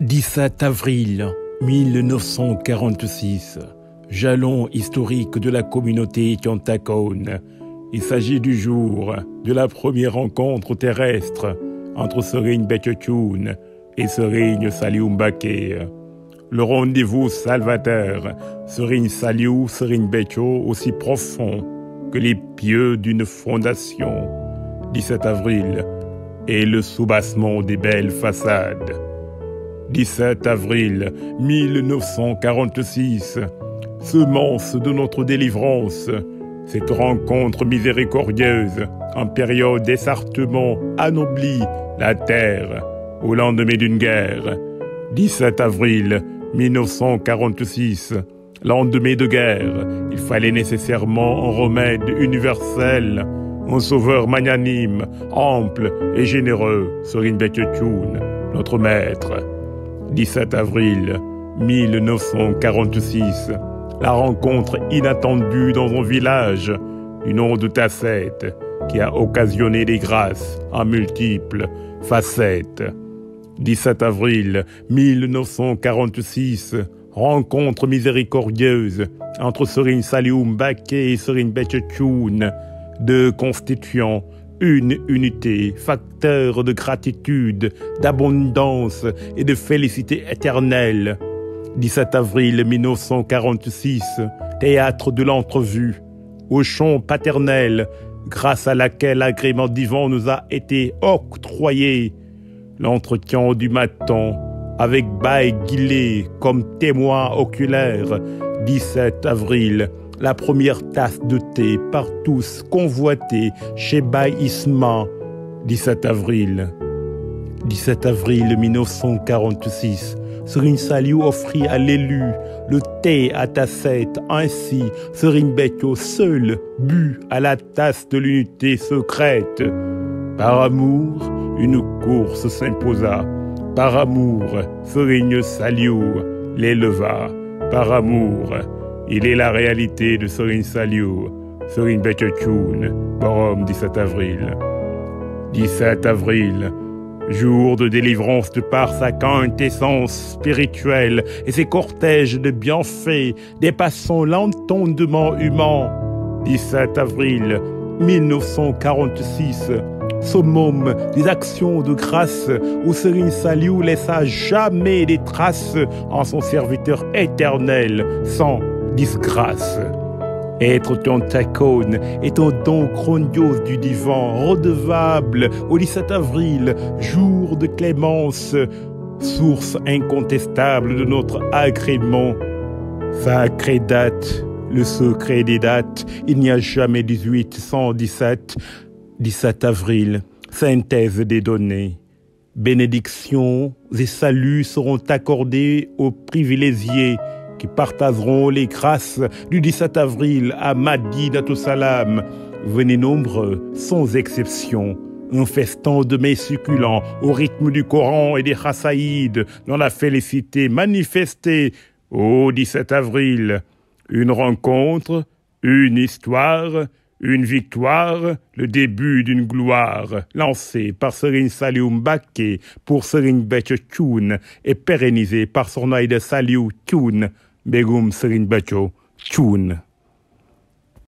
17 avril 1946, jalon historique de la communauté Tiantacone. Il s'agit du jour de la première rencontre terrestre entre Serigne Betchetoun et Serigne Saliou Le rendez-vous salvateur, Serigne Saliou, Serigne Betcho, aussi profond que les pieux d'une fondation. 17 avril et le soubassement des belles façades. 17 avril 1946. Semence de notre délivrance. Cette rencontre miséricordieuse, en période d'essartement, anoblit la terre au lendemain d'une guerre. 17 avril 1946. Lendemain de guerre, il fallait nécessairement un remède universel, un sauveur magnanime, ample et généreux, Sorin Beketun, notre maître. 17 avril 1946, la rencontre inattendue dans un village du nom de Tasset qui a occasionné des grâces en multiples facettes. 17 avril 1946, rencontre miséricordieuse entre Serine Saliou Baké et Serine Betchetchoun, deux constituants une unité, facteur de gratitude, d'abondance et de félicité éternelle. 17 avril 1946, théâtre de l'entrevue, au champ paternel, grâce à laquelle l'agrément divin nous a été octroyé. L'entretien du matin, avec bail Guillet comme témoin oculaire, 17 avril la première tasse de thé par tous convoitée chez Baïsman, 17 avril. 17 avril 1946, Serine Saliou offrit à l'élu le thé à tassette. Ainsi, Serine Beto seul but à la tasse de l'unité secrète. Par amour, une course s'imposa. Par amour, Serine Saliou l'éleva. Par amour, il est la réalité de Sorin Saliou, Sorin Beketchoun, 17 avril. 17 avril, jour de délivrance de par sa quintessence spirituelle et ses cortèges de bienfaits dépassant l'entendement humain. 17 avril 1946, summum des actions de grâce où Serine Saliou laissa jamais des traces en son serviteur éternel, sans disgrâce. Être ton tacone est ton don grandiose du divan, redevable au 17 avril, jour de clémence, source incontestable de notre agrément. Sacré date, le secret des dates, il n'y a jamais 18 sans 17. 17 avril, synthèse des données. Bénédictions et saluts seront accordés aux privilégiés qui partageront les grâces du 17 avril à Madi Salam. Venez nombreux, sans exception, festant de mets succulents au rythme du Coran et des chassaïdes, dans la félicité manifestée au 17 avril. Une rencontre, une histoire, une victoire, le début d'une gloire, lancée par Serine Saliou Mbaké pour Serine Betch et pérennisée par son de Saliou Thoun, begum sering baca choune